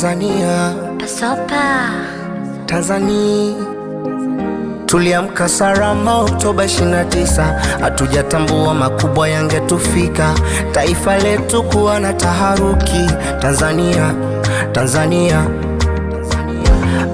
Tanzania Pasopa Tanzania tuliamka salama Oktoba 29, hatujatambua makubwa yangetufika. Taifa letu kuwa na taharuki. Tanzania Tanzania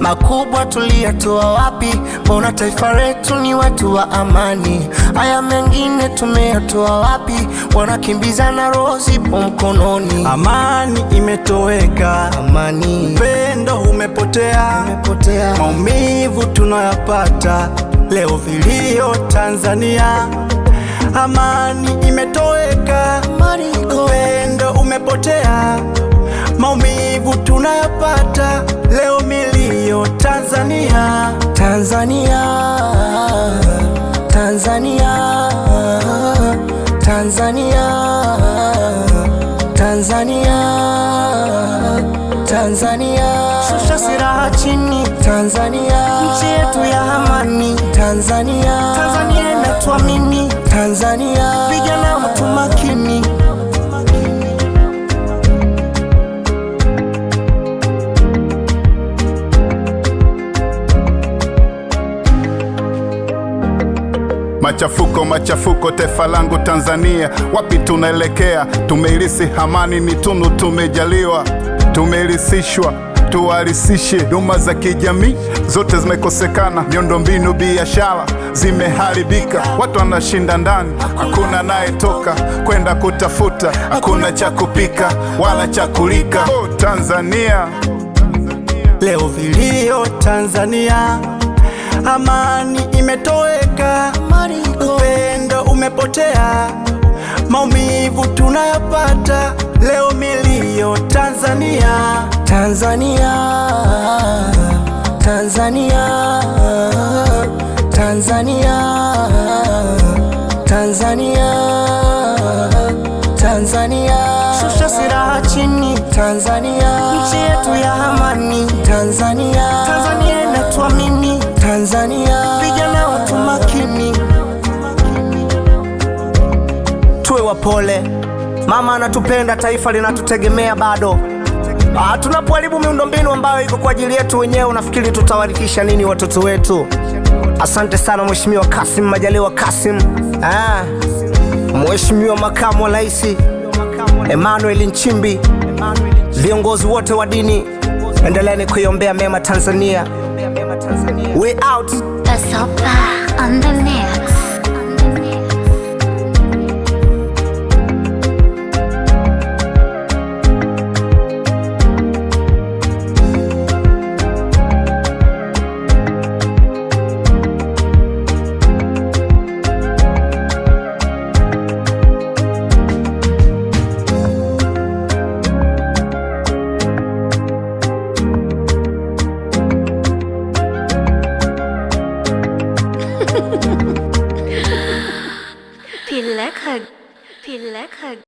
Makubwa tuliyatoa wapi? Mbona taifa letu ni watu wa amani? Haya mengine tumeyatoa wapi? Wanakimbizana roho zipo mkononi. Amani imetoweka, amani upendo umepotea, umepotea. Maumivu tunayapata leo, vilio Tanzania. Amani imetoweka, amani Tanzania, Tanzania, Tanzania, Tanzania, Tanzania, shusha silaha chini, Tanzania, nchi yetu ya amani, Tanzania, Tanzania inatuamini, Tanzania Machafuko, machafuko taifa langu Tanzania, wapi tunaelekea? Tumeirisi amani ni tunu, tumejaliwa, tumerisishwa tuwarisishe huduma za kijamii zote zimekosekana, miundombinu, biashara zimeharibika, watu wanashinda ndani, hakuna anayetoka kwenda kutafuta, hakuna cha kupika wala cha kulika. Oh, Tanzania leo vilio, Tanzania amani imetoweka imepotea, maumivu tunayopata leo milio Tanzania, Tanzania, Tanzania, Tanzania, Tanzania, Tanzania, shusha silaha chini, Tanzania, nchi yetu ya amani, Tanzania, Tanzania inatuamini, Tanzania, vijana watu makini pole. Mama anatupenda, taifa linatutegemea bado. Ah, tunapoharibu miundombinu ambayo iko kwa ajili yetu wenyewe, unafikiri tutawarikisha nini watoto wetu? Asante sana Mheshimiwa Kasim Majaliwa Kasim. Ah, Mheshimiwa Makamu wa Rais Emmanuel Nchimbi, viongozi wote wa dini, endeleeni kuiombea mema Tanzania. We out. ผิดแล้วค่ะผิดแล้วค่ะ